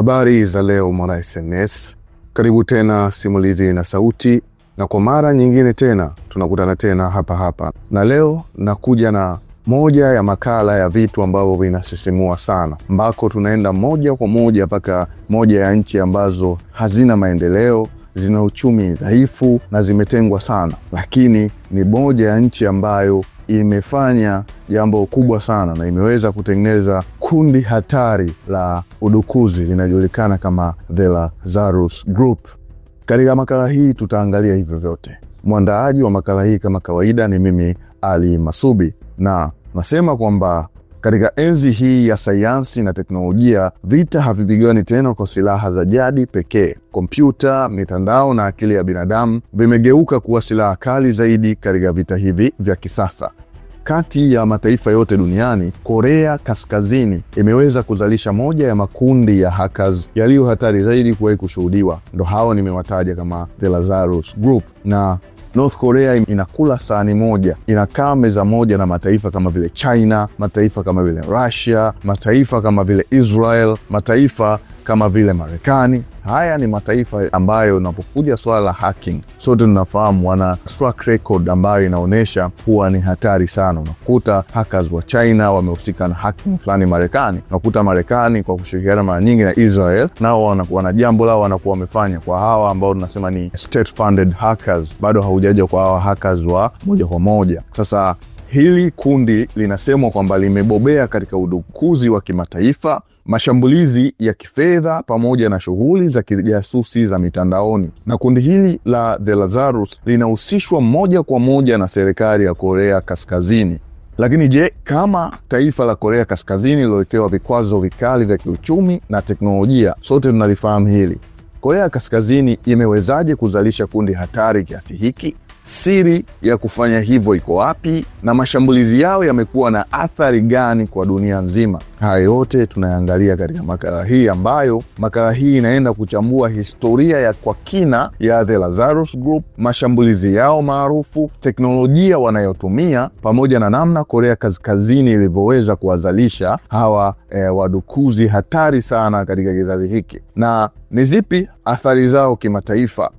Habari za leo mwana SNS, karibu tena Simulizi na Sauti, na kwa mara nyingine tena tunakutana tena hapa hapa, na leo nakuja na moja ya makala ya vitu ambavyo vinasisimua sana, ambako tunaenda moja kwa moja mpaka moja ya nchi ambazo hazina maendeleo, zina uchumi dhaifu na zimetengwa sana, lakini ni moja ya nchi ambayo imefanya jambo kubwa sana na imeweza kutengeneza kundi hatari la udukuzi linajulikana kama The Lazarus Group. Katika makala hii tutaangalia hivyo vyote. Mwandaaji wa makala hii kama kawaida ni mimi Ali Masubi, na nasema kwamba katika enzi hii ya sayansi na teknolojia, vita havipigani tena kwa silaha za jadi pekee. Kompyuta, mitandao na akili ya binadamu vimegeuka kuwa silaha kali zaidi katika vita hivi vya kisasa. Kati ya mataifa yote duniani, Korea Kaskazini imeweza kuzalisha moja ya makundi ya hackers yaliyo hatari zaidi kuwahi kushuhudiwa. Ndo hao nimewataja kama the Lazarus Group na North Korea inakula sahani moja, inakaa meza moja na mataifa kama vile China, mataifa kama vile Russia, mataifa kama vile Israel, mataifa kama vile Marekani. Haya ni mataifa ambayo unapokuja swala la hacking, sote tunafahamu wana track record ambayo inaonyesha kuwa ni hatari sana. Unakuta hackers wa China wamehusika na hacking fulani Marekani, unakuta Marekani kwa kushirikiana mara nyingi na Israel nao wana, wana jambo lao wanakuwa wamefanya kwa hawa ambao tunasema ni state funded hackers, bado haujaja kwa hawa hackers wa moja kwa moja. Sasa hili kundi linasemwa kwamba limebobea katika udukuzi wa kimataifa mashambulizi ya kifedha pamoja na shughuli za kijasusi za mitandaoni. Na kundi hili la The Lazarus linahusishwa moja kwa moja na serikali ya Korea Kaskazini. Lakini je, kama taifa la Korea Kaskazini lilowekewa vikwazo vikali vya kiuchumi na teknolojia, sote tunalifahamu hili. Korea Kaskazini imewezaje kuzalisha kundi hatari kiasi hiki? Siri ya kufanya hivyo iko wapi na mashambulizi yao yamekuwa na athari gani kwa dunia nzima? Haya yote tunayaangalia katika makala hii ambayo makala hii inaenda kuchambua historia ya kwa kina ya The Lazarus Group, mashambulizi yao maarufu, teknolojia wanayotumia, pamoja na namna Korea Kaskazini ilivyoweza kuwazalisha hawa e, wadukuzi hatari sana katika kizazi hiki, na ni zipi athari zao kimataifa.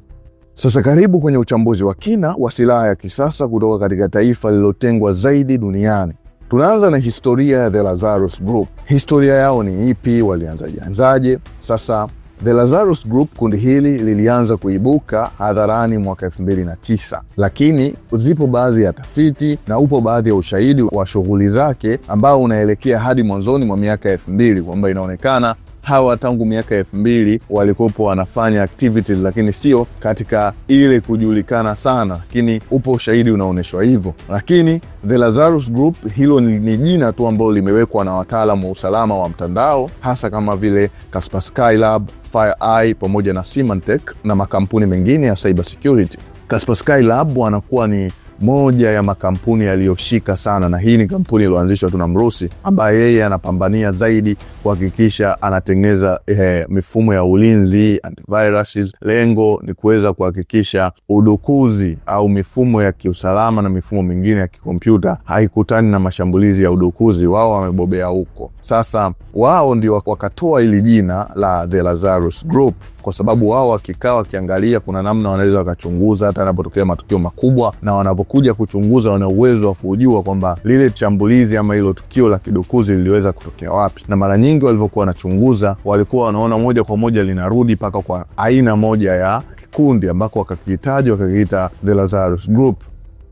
Sasa karibu kwenye uchambuzi wa kina wa silaha ya kisasa kutoka katika taifa lililotengwa zaidi duniani. Tunaanza na historia ya The Lazarus Group. Historia yao ni ipi? Walianzajianzaje? Sasa The Lazarus Group, kundi hili lilianza kuibuka hadharani mwaka 2009, lakini zipo baadhi ya tafiti na upo baadhi ya ushahidi wa shughuli zake ambao unaelekea hadi mwanzoni mwa miaka 2000 kwamba inaonekana hawa tangu miaka elfu mbili walikuwepo wanafanya activity, lakini sio katika ile kujulikana sana, lakini upo ushahidi unaonyeshwa hivyo. Lakini The Lazarus Group hilo ni, ni jina tu ambalo limewekwa na wataalamu wa usalama wa mtandao hasa kama vile Kaspersky Skylab, FireEye pamoja na Symantec na makampuni mengine ya cyber security. Kaspersky Lab wanakuwa ni moja ya makampuni yaliyoshika sana, na hii ni kampuni iliyoanzishwa tu na Mrusi ambaye yeye anapambania zaidi kuhakikisha anatengeneza eh, mifumo ya ulinzi antiviruses. Lengo ni kuweza kuhakikisha udukuzi au mifumo ya kiusalama na mifumo mingine ya kikompyuta haikutani na mashambulizi ya udukuzi. Wao wamebobea huko. Sasa wao ndio wakatoa hili jina la The Lazarus Group kwa sababu wao wakikaa wakiangalia, kuna namna wanaweza wakachunguza hata anapotokea matukio makubwa, na wanapokuja kuchunguza, wana uwezo wa kujua kwamba lile shambulizi ama hilo tukio la kidukuzi liliweza kutokea wapi. Na mara nyingi walivyokuwa wanachunguza, walikuwa wanaona moja kwa moja linarudi mpaka kwa aina moja ya kikundi ambako wakakihitaji wakakiita The Lazarus Group.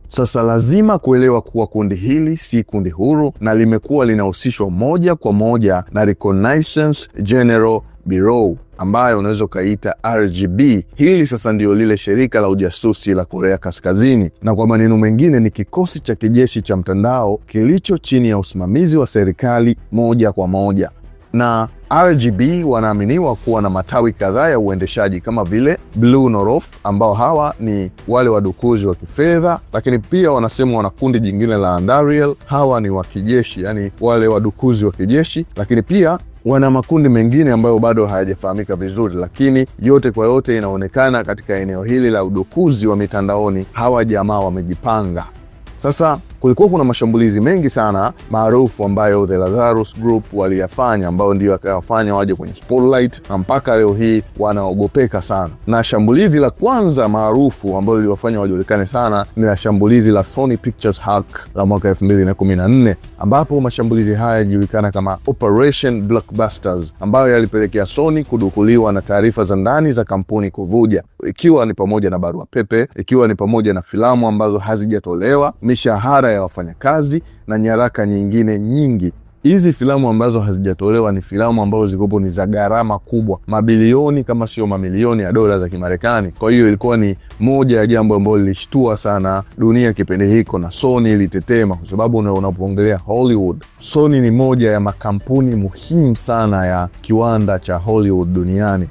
Sasa lazima kuelewa kuwa kundi hili si kundi huru na limekuwa linahusishwa moja kwa moja na Reconnaissance General Bureau ambayo unaweza ukaita RGB. Hili sasa ndio lile shirika la ujasusi la Korea Kaskazini, na kwa maneno mengine ni kikosi cha kijeshi cha mtandao kilicho chini ya usimamizi wa serikali moja kwa moja na RGB wanaaminiwa kuwa na matawi kadhaa ya uendeshaji kama vile Blue Norof, ambao hawa ni wale wadukuzi wa kifedha, lakini pia wanasema wana kundi jingine la Andariel, hawa ni wa kijeshi, yani wale wadukuzi wa kijeshi, lakini pia wana makundi mengine ambayo bado hayajafahamika vizuri, lakini yote kwa yote inaonekana katika eneo hili la udukuzi wa mitandaoni hawa jamaa wamejipanga. Sasa kulikuwa kuna mashambulizi mengi sana maarufu ambayo The Lazarus Group waliyafanya, ambayo ndio akawafanya waje kwenye spotlight na mpaka leo hii wanaogopeka sana. Na shambulizi la kwanza maarufu ambalo liliwafanya wajulikane sana ni la shambulizi la Sony Pictures hack la mwaka 2014 ambapo mashambulizi haya yalijulikana kama Operation Blockbusters, ambayo yalipelekea Sony kudukuliwa na taarifa za ndani za kampuni kuvuja, ikiwa ni pamoja na barua pepe, ikiwa ni pamoja na filamu ambazo hazijatolewa, mishahara sera ya wafanyakazi na nyaraka nyingine nyingi. Hizi filamu ambazo hazijatolewa ni filamu ambazo zikopo ni za gharama kubwa, mabilioni kama sio mamilioni ya dola za Kimarekani. Kwa hiyo ilikuwa ni moja ya jambo ambalo lilishtua sana dunia kipindi hiko, na Sony ilitetema, kwa sababu unapoongelea Hollywood, Sony ni moja ya makampuni muhimu sana ya kiwanda cha Hollywood duniani.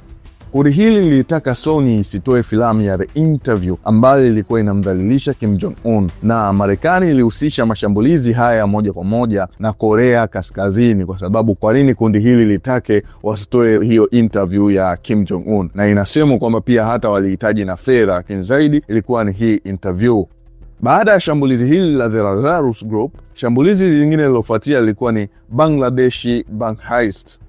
Kundi hili lilitaka Sony isitoe filamu ya The Interview ambayo ilikuwa inamdhalilisha Kim Jong Un, na Marekani ilihusisha mashambulizi haya moja kwa moja na Korea Kaskazini. Kwa sababu kwa nini kundi hili litake wasitoe hiyo interview ya Kim Jong Un? Na inasemwa kwamba pia hata walihitaji na fedha, lakini zaidi ilikuwa ni hii interview. Baada ya shambulizi hili la The Lazarus Group, shambulizi lingine lilofuatia lilikuwa ni Bangladeshi bank heist.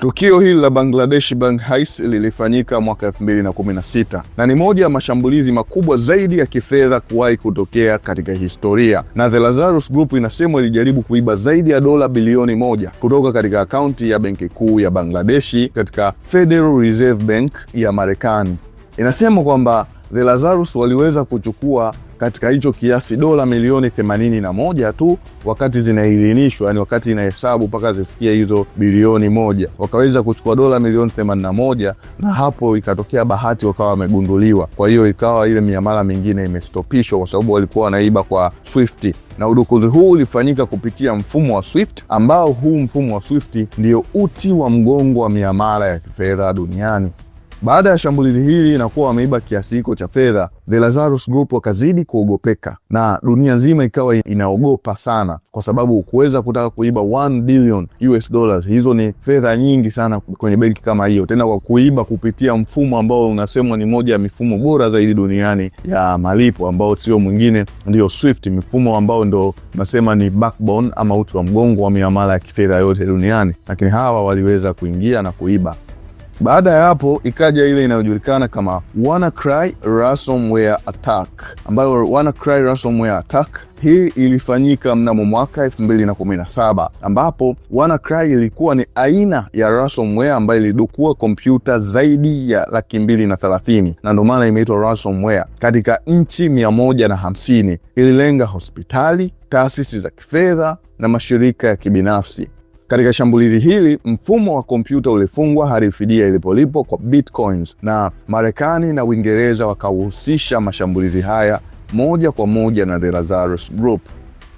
Tukio hili la Bangladesh Bank Heist lilifanyika mwaka 2016 na ni moja ya mashambulizi makubwa zaidi ya kifedha kuwahi kutokea katika historia, na The Lazarus Group inasemwa ilijaribu kuiba zaidi ya dola bilioni moja kutoka katika akaunti ya benki kuu ya Bangladeshi katika Federal Reserve Bank ya Marekani. Inasemwa kwamba The Lazarus waliweza kuchukua katika hicho kiasi dola milioni themanini na moja tu wakati zinaidhinishwa, yani wakati inahesabu mpaka zifikia hizo bilioni moja, wakaweza kuchukua dola milioni themanini na moja na hapo ikatokea bahati, wakawa wamegunduliwa. Kwa hiyo ikawa ile miamala mingine imestopishwa kwa sababu walikuwa wanaiba kwa Swift na udukuzi huu ulifanyika kupitia mfumo wa Swift ambao huu mfumo wa Swift ndio uti wa mgongo wa miamala ya kifedha duniani. Baada ya shambulizi hili na kuwa wameiba kiasi hiko cha fedha, The Lazarus Group wakazidi kuogopeka na dunia nzima ikawa inaogopa sana, kwa sababu kuweza kutaka kuiba 1 billion US dollars, hizo ni fedha nyingi sana kwenye benki kama hiyo, tena kwa kuiba kupitia mfumo ambao unasemwa ni moja ya mifumo bora zaidi duniani ya malipo, ambao sio mwingine ndio Swift, mfumo ambao ndo nasema ni backbone ama uti wa mgongo wa miamala ya kifedha yote duniani, lakini hawa waliweza kuingia na kuiba baada ya hapo ikaja ile inayojulikana kama WannaCry ransomware attack, ambayo WannaCry ransomware attack hii ilifanyika mnamo mwaka 2017 ambapo WannaCry ilikuwa ni aina ya ransomware ambayo ilidukua kompyuta zaidi ya laki mbili na thelathini na ndio maana imeitwa ransomware katika nchi 150. Ililenga hospitali, taasisi za kifedha na mashirika ya kibinafsi. Katika shambulizi hili, mfumo wa kompyuta ulifungwa hadi fidia ilipolipo kwa bitcoins, na Marekani na Uingereza wakahusisha mashambulizi haya moja kwa moja na the Lazarus Group.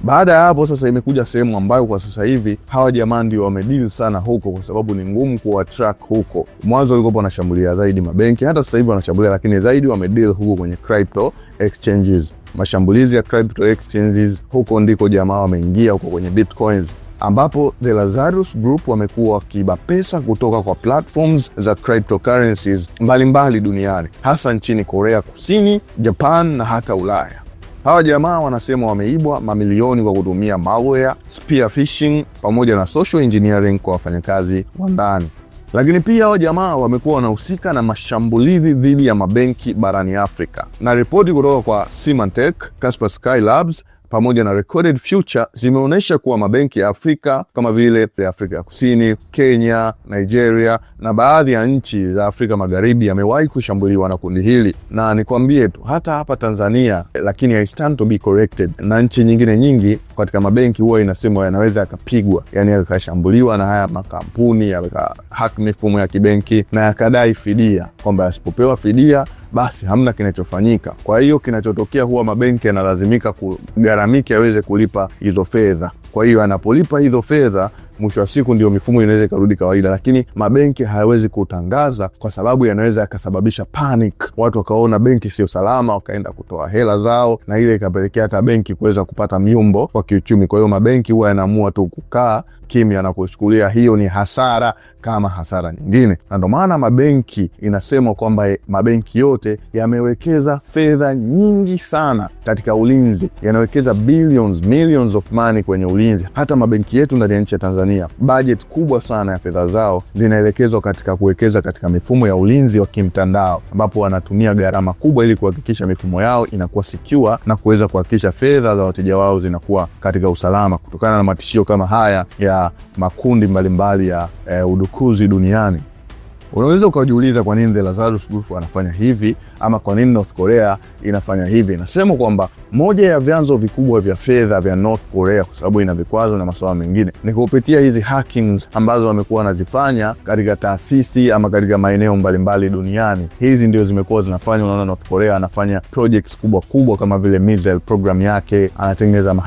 Baada ya hapo sasa, imekuja sehemu ambayo kwa sasa hivi hawa jamaa ndio wamedili sana huko, kwa sababu ni ngumu kuwa track huko. Mwanzo walikuwa wanashambulia zaidi mabenki, hata sasa hivi wanashambulia, lakini zaidi wamedili huko kwenye crypto exchanges. Mashambulizi ya crypto exchanges huko ndiko jamaa wameingia huko kwenye bitcoins ambapo The Lazarus Group wamekuwa wakiiba pesa kutoka kwa platforms za cryptocurrencies mbalimbali duniani, hasa nchini Korea Kusini, Japan na hata Ulaya. Hawa jamaa wanasema wameibwa mamilioni kwa kutumia malware, spear phishing pamoja na social engineering kwa wafanyakazi wa ndani. Lakini pia hawa jamaa wamekuwa wanahusika na mashambulizi dhidi ya mabenki barani Afrika, na ripoti kutoka kwa Symantec, Kaspersky Labs pamoja na Recorded Future zimeonyesha kuwa mabenki ya Afrika kama vile ya Afrika ya Kusini, Kenya, Nigeria na baadhi ya nchi za Afrika Magharibi yamewahi kushambuliwa na kundi hili, na nikwambie tu hata hapa Tanzania, lakini I stand to be corrected, na nchi nyingine nyingi katika mabenki huwa inasemwa yanaweza yakapigwa, yani yakashambuliwa na haya makampuni yaka hack mifumo ya kibenki na yakadai fidia, kwamba yasipopewa fidia basi hamna kinachofanyika. Kwa hiyo kinachotokea huwa mabenki yanalazimika kugharamiki aweze kulipa hizo fedha. Kwa hiyo anapolipa hizo fedha, mwisho wa siku ndio mifumo inaweza ikarudi kawaida, lakini mabenki hayawezi kutangaza kwa sababu yanaweza yakasababisha panic, watu wakaona benki sio salama, wakaenda kutoa hela zao, na ile ikapelekea hata benki kuweza kupata myumbo wa kiuchumi. Kwa hiyo mabenki huwa yanaamua tu kukaa kimya na kuchukulia hiyo ni hasara kama hasara nyingine, na ndo maana mabenki inasemwa kwamba mabenki yote yamewekeza fedha nyingi sana katika ulinzi, yanawekeza billions, millions of money kwenye ulinzi ulinzi. Hata mabenki yetu ndani ya nchi ya Tanzania, bajeti kubwa sana ya fedha zao zinaelekezwa katika kuwekeza katika mifumo ya ulinzi wa kimtandao, ambapo wanatumia gharama kubwa ili kuhakikisha mifumo yao inakuwa secure na kuweza kuhakikisha fedha za wateja wao zinakuwa katika usalama kutokana na matishio kama haya ya makundi mbalimbali mbali ya eh, udukuzi duniani. Unaweza ukajiuliza kwa nini the Lazarus Group wanafanya hivi ama kwa nini North Korea inafanya hivi. Nasema kwamba moja ya vyanzo vikubwa vya fedha vya North Korea, kwa sababu ina vikwazo na masuala mengine, ni kupitia hizi hackings ambazo wamekuwa wanazifanya katika taasisi ama katika maeneo mbalimbali duniani. Hizi ndio zimekuwa zinafanya, unaona North Korea anafanya projects kubwa kubwa kama vile missile program yake, anatengeneza ma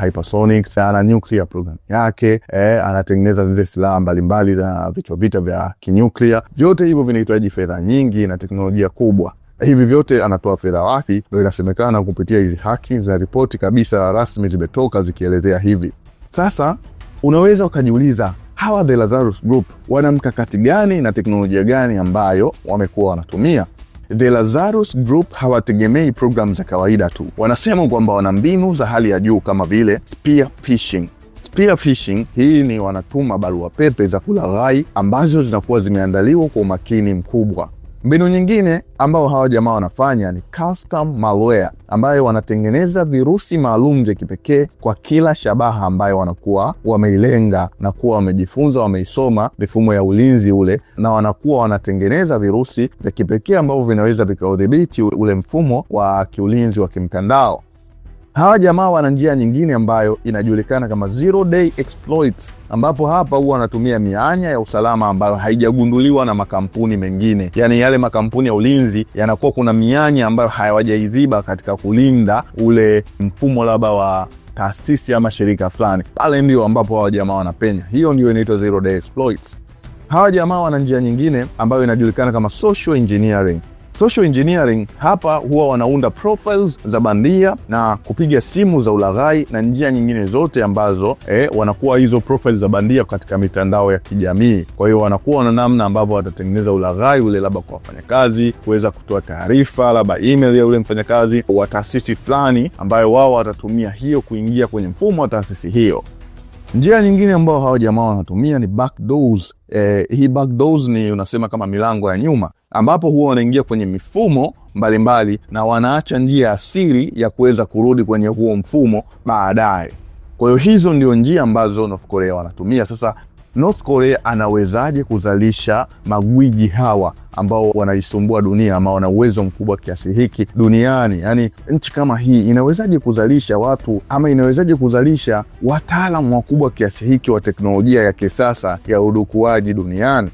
ana nuclear program yake eh, anatengeneza zile silaha mbalimbali za vichwa vita vya kinyuklia, vyote hivyo vinahitaji fedha nyingi na teknolojia kubwa. Hivi vyote anatoa fedha wapi? Ndo inasemekana kupitia hizi haki za ripoti kabisa rasmi zimetoka zikielezea hivi. Sasa unaweza ukajiuliza hawa The Lazarus Group wana mkakati gani na teknolojia gani ambayo wamekuwa wanatumia? The Lazarus Group hawategemei programu za kawaida tu. Wanasema kwamba wana mbinu za hali ya juu kama vile spear phishing. Spear phishing hii ni wanatuma barua pepe za kulaghai ambazo zinakuwa zimeandaliwa kwa umakini mkubwa. Mbinu nyingine ambao hawa jamaa wanafanya ni custom malware, ambayo wanatengeneza virusi maalum vya kipekee kwa kila shabaha ambayo wanakuwa wameilenga na kuwa wamejifunza, wameisoma mifumo ya ulinzi ule, na wanakuwa wanatengeneza virusi vya kipekee ambavyo vinaweza vikaudhibiti ule mfumo wa kiulinzi wa kimtandao. Hawa jamaa wana njia nyingine ambayo inajulikana kama zero day exploits, ambapo hapa huwa wanatumia mianya ya usalama ambayo haijagunduliwa na makampuni mengine. Yaani yale makampuni ya ulinzi yanakuwa kuna mianya ambayo hayawajaiziba katika kulinda ule mfumo labda wa taasisi ama shirika fulani, pale ndio ambapo hawa jamaa wanapenya. Hiyo ndio inaitwa zero day exploits. Hawa jamaa wana njia nyingine ambayo inajulikana kama social engineering. Social engineering hapa huwa wanaunda profiles za bandia na kupiga simu za ulaghai na njia nyingine zote ambazo eh, wanakuwa hizo profiles za bandia katika mitandao ya kijamii. Kwa hiyo wanakuwa na namna ambavyo watatengeneza ulaghai ule, labda kwa wafanyakazi kuweza kutoa taarifa, labda email ya ule mfanyakazi wa taasisi fulani, ambayo wao watatumia hiyo kuingia kwenye mfumo wa taasisi hiyo. Njia nyingine ambayo hawa jamaa wanatumia ni backdoors. Eh, hii backdoors ni unasema kama milango ya nyuma ambapo huwa wanaingia kwenye mifumo mbalimbali mbali, na wanaacha njia asiri ya kuweza kurudi kwenye huo mfumo baadaye. Kwa hiyo hizo ndio njia ambazo North Korea wanatumia. Sasa North Korea anawezaje kuzalisha magwiji hawa ambao wanaisumbua dunia ama wana uwezo mkubwa kiasi hiki duniani? Yaani, nchi kama hii inawezaje kuzalisha watu ama inawezaje kuzalisha wataalamu wakubwa kiasi hiki wa teknolojia ya kisasa ya udukuaji duniani?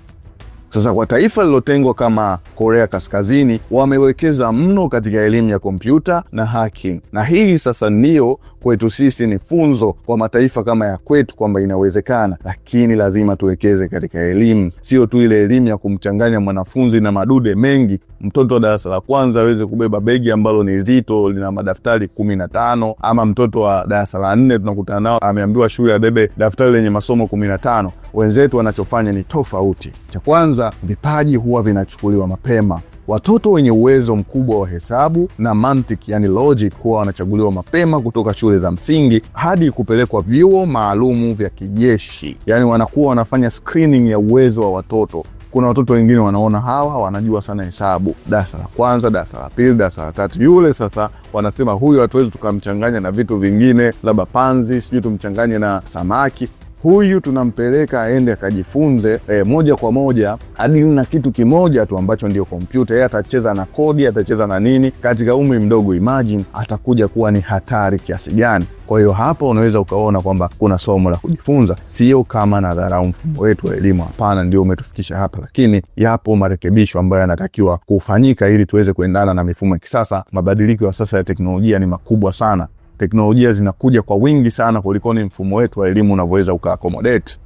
Sasa kwa taifa lilotengwa kama Korea Kaskazini, wamewekeza mno katika elimu ya kompyuta na hacking, na hii sasa ndiyo kwetu sisi ni funzo kwa mataifa kama ya kwetu kwamba inawezekana, lakini lazima tuwekeze katika elimu, sio tu ile elimu ya kumchanganya mwanafunzi na madude mengi mtoto wa darasa la kwanza aweze kubeba begi ambalo ni zito lina madaftari kumi na tano ama mtoto wa darasa la nne tunakutana nao ameambiwa shule abebe daftari lenye masomo kumi na tano Wenzetu wanachofanya ni tofauti. Cha kwanza, vipaji huwa vinachukuliwa mapema. Watoto wenye uwezo mkubwa wa hesabu na mantiki, yani logic, huwa wanachaguliwa mapema kutoka shule za msingi hadi kupelekwa vyuo maalumu vya kijeshi, yani wanakuwa wanafanya screening ya uwezo wa watoto kuna watoto wengine wanaona hawa wanajua sana hesabu, darasa la kwanza, darasa la pili, darasa la tatu. Yule sasa wanasema huyu hatuwezi tukamchanganya na vitu vingine, labda panzi, sijui tumchanganye na samaki huyu tunampeleka aende akajifunze e, moja kwa moja hadi na kitu kimoja tu ambacho ndio kompyuta. Yeye atacheza na kodi, atacheza na nini katika umri mdogo, imagine atakuja kuwa ni hatari kiasi gani. Kwa hiyo hapa unaweza ukaona kwamba kuna somo la kujifunza, sio kama na dharau mfumo wetu wa elimu. Hapana, ndio umetufikisha hapa, lakini yapo marekebisho ambayo yanatakiwa kufanyika ili tuweze kuendana na mifumo ya kisasa. Mabadiliko ya sasa ya teknolojia ni makubwa sana teknolojia zinakuja kwa wingi sana kuliko ni mfumo wetu wa elimu unavyoweza ukaaccommodate.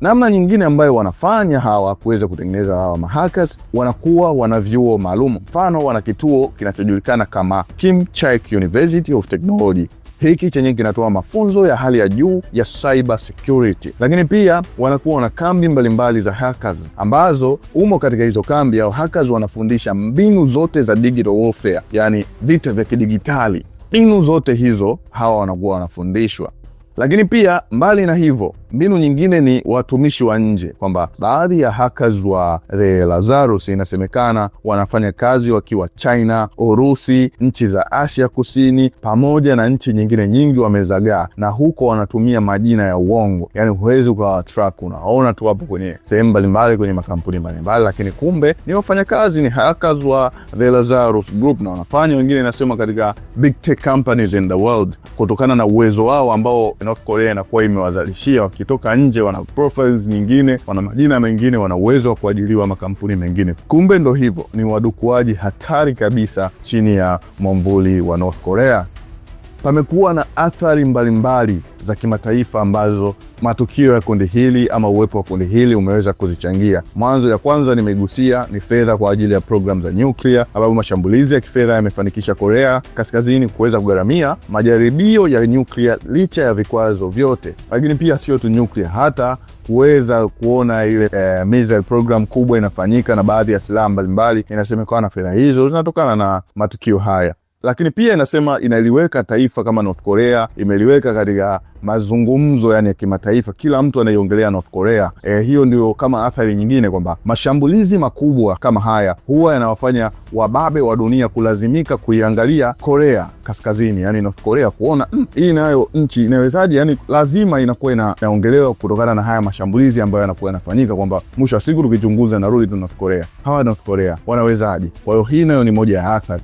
Namna nyingine ambayo wanafanya hawa kuweza kutengeneza hawa mahackers, wanakuwa wana vyuo maalum. Mfano, wana kituo kinachojulikana kama Kim Chaek University of Technology hiki chenye kinatoa mafunzo ya hali ya juu ya cyber security, lakini pia wanakuwa na kambi mbalimbali za hackers, ambazo umo katika hizo kambi au hackers wanafundisha mbinu zote za digital warfare, yani vita vya kidigitali mbinu zote hizo hawa wanakuwa wanafundishwa. Lakini pia mbali na hivyo Mbinu nyingine ni watumishi wa nje, kwamba baadhi ya hackers wa The Lazarus inasemekana wanafanya kazi wakiwa China, Urusi, nchi za Asia Kusini pamoja na nchi nyingine nyingi wamezagaa, na huko wanatumia majina ya uongo, yani huwezi ukawa track, unaona tu hapo kwenye sehemu mbalimbali, kwenye makampuni mbalimbali, lakini kumbe ni wafanyakazi, ni hackers wa The Lazarus Group na wanafanya wengine, inasema katika big tech companies in the world, kutokana na uwezo wao ambao North Korea inakuwa imewazalishia wakitoka nje wana profiles nyingine, wana majina mengine, wana uwezo wa kuajiliwa makampuni mengine. Kumbe ndo hivyo, ni wadukuaji hatari kabisa chini ya mwamvuli wa North Korea pamekuwa na athari mbalimbali mbali za kimataifa ambazo matukio ya kundi hili ama uwepo wa kundi hili umeweza kuzichangia. Mwanzo ya kwanza nimegusia ni fedha kwa ajili ya programu za nyuklia, ambapo mashambulizi ya kifedha yamefanikisha Korea Kaskazini kuweza kugharamia majaribio ya nyuklia licha ya vikwazo vyote. Lakini pia sio tu nyuklia, hata kuweza kuona ile e, missile program kubwa inafanyika na baadhi ya silaha mbalimbali, inasemekana fedha hizo zinatokana na matukio haya lakini pia inasema inaliweka taifa kama North Korea imeliweka katika mazungumzo yani ya kimataifa, kila mtu anaiongelea North Korea. E, hiyo ndio kama athari nyingine kwamba mashambulizi makubwa kama haya huwa yanawafanya wababe wa dunia kulazimika kuiangalia Korea Kaskazini, yani North Korea, kuona mm, hii nayo nchi inawezaje? Yani lazima inakuwa inaongelewa kutokana na haya mashambulizi ambayo yanakuwa yanafanyika, kwamba mwisho wa siku tukichunguza, narudi tu North Korea, hawa North Korea wanawezaje? Kwa hiyo hii nayo ni moja ya athari.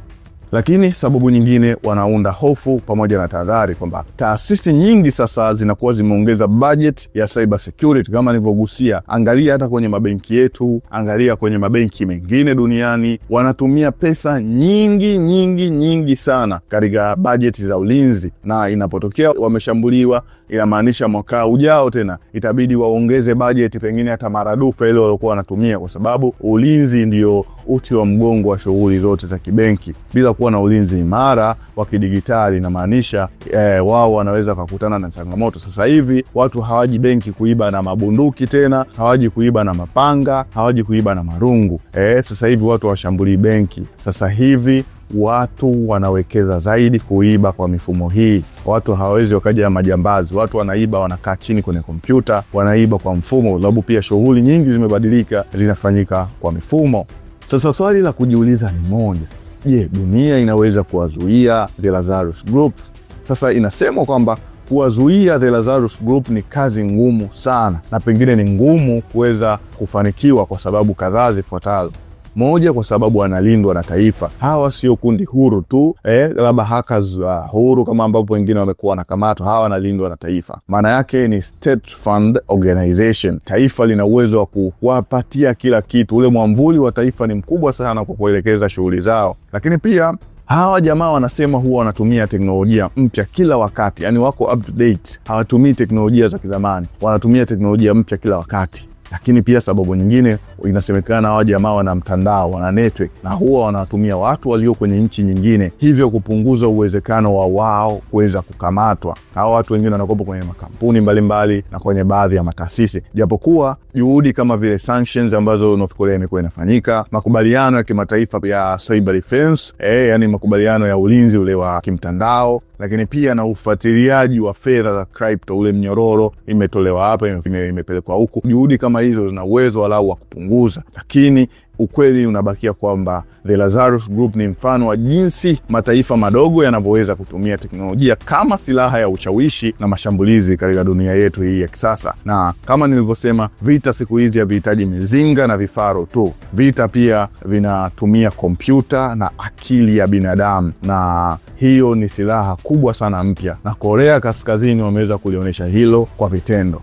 Lakini sababu nyingine wanaunda hofu pamoja na tahadhari kwamba taasisi nyingi sasa zinakuwa zimeongeza bajeti ya cyber security kama nilivyogusia. Angalia hata kwenye mabenki yetu, angalia kwenye mabenki mengine duniani, wanatumia pesa nyingi nyingi nyingi sana katika bajeti za ulinzi, na inapotokea wameshambuliwa, inamaanisha mwaka ujao tena itabidi waongeze bajeti pengine hata maradufu ile waliokuwa wanatumia, kwa sababu ulinzi ndio uti wa mgongo wa shughuli zote za kibenki bila kuwa na ulinzi imara wa kidigitali, inamaanisha eh, wao wanaweza wakakutana na changamoto. Sasa hivi watu hawaji benki kuiba na mabunduki tena, hawaji kuiba na mapanga, hawaji kuiba na marungu eh, sasa hivi watu hawashambulii benki. Sasa hivi watu wanawekeza zaidi kuiba kwa mifumo hii. Watu hawawezi wakaja majambazi, watu wanaiba, wanakaa chini kwenye kompyuta, wanaiba kwa mfumo, sababu pia shughuli nyingi zimebadilika, zinafanyika kwa mifumo. Sasa swali la kujiuliza ni moja, Je, dunia inaweza kuwazuia The Lazarus Group? Sasa inasemwa kwamba kuwazuia The Lazarus Group ni kazi ngumu sana, na pengine ni ngumu kuweza kufanikiwa kwa sababu kadhaa zifuatazo. Moja, kwa sababu wanalindwa na taifa. Hawa sio kundi huru tu eh, labda hackers wa huru kama ambapo wengine wamekuwa wanakamatwa. Hawa wanalindwa na taifa, maana yake ni state fund organization. Taifa lina uwezo wa kuwapatia kila kitu. Ule mwamvuli wa taifa ni mkubwa sana kwa kuelekeza shughuli zao, lakini pia hawa jamaa wanasema huwa wanatumia teknolojia mpya kila wakati, yani wako up to date, hawatumii teknolojia za kizamani, wanatumia teknolojia mpya kila wakati. Lakini pia sababu nyingine, inasemekana hawa jamaa wana mtandao, wana network na huwa wanatumia watu walio kwenye nchi nyingine, hivyo kupunguza uwezekano wa wao kuweza kukamatwa. Hawa watu wengine wanakopa kwenye makampuni mbalimbali mbali, na kwenye baadhi ya mataasisi, japokuwa juhudi kama vile sanctions ambazo North Korea imekuwa inafanyika, makubaliano ya kimataifa ya cyber defense eh, yani makubaliano ya ulinzi ule wa kimtandao, lakini pia na ufuatiliaji wa fedha za crypto, ule mnyororo imetolewa hapa, imepelekwa huku, juhudi kama kama hizo zina uwezo walau wa kupunguza, lakini ukweli unabakia kwamba The Lazarus Group ni mfano wa jinsi mataifa madogo yanavyoweza kutumia teknolojia kama silaha ya ushawishi na mashambulizi katika dunia yetu hii ya kisasa. Na kama nilivyosema, vita siku hizi havihitaji mizinga na vifaru tu. Vita pia vinatumia kompyuta na akili ya binadamu, na hiyo ni silaha kubwa sana mpya, na Korea Kaskazini wameweza kulionyesha hilo kwa vitendo.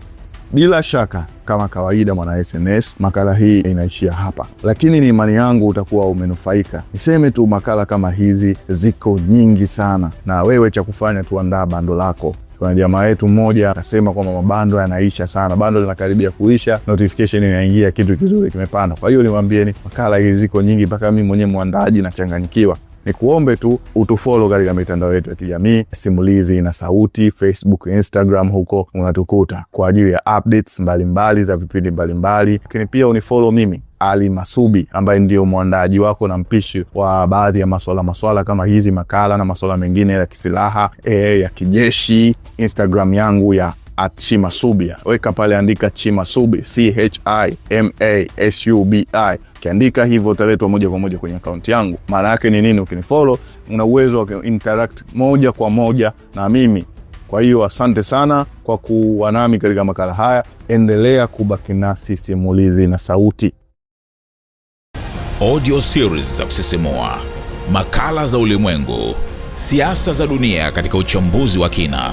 Bila shaka kama kawaida, mwana SNS, makala hii inaishia hapa, lakini ni imani yangu utakuwa umenufaika. Niseme tu makala kama hizi ziko nyingi sana, na wewe cha kufanya tuandaa bando lako. Kuna jamaa yetu mmoja akasema kwamba mabando yanaisha sana, bando linakaribia kuisha, notification inaingia, kitu kizuri kimepanda. Kwa hiyo niwaambieni, makala hizi ziko nyingi, mpaka mimi mwenyewe mwandaji nachanganyikiwa ni kuombe tu utufolo katika mitandao yetu ya kijamii Simulizi na Sauti, Facebook, Instagram, huko unatukuta kwa ajili ya updates mbalimbali mbali, za vipindi mbalimbali, lakini pia unifolo mimi ali Masubi ambaye ndio mwandaaji wako na mpishi wa baadhi ya maswala maswala kama hizi makala na maswala mengine ya kisilaha e, ya kijeshi. Instagram yangu ya at Chimasubia. Weka pale, andika Chimasubi, chimasubi Ukiandika hivyo utaletwa moja kwa moja kwenye akaunti yangu. Maana yake ni nini? ukinifolo una uwezo wa interact moja kwa moja na mimi. Kwa hiyo asante sana kwa kuwa nami katika makala haya. Endelea kubaki nasi, Simulizi na Sauti, audio series za kusisimua, makala za ulimwengu, siasa za dunia katika uchambuzi wa kina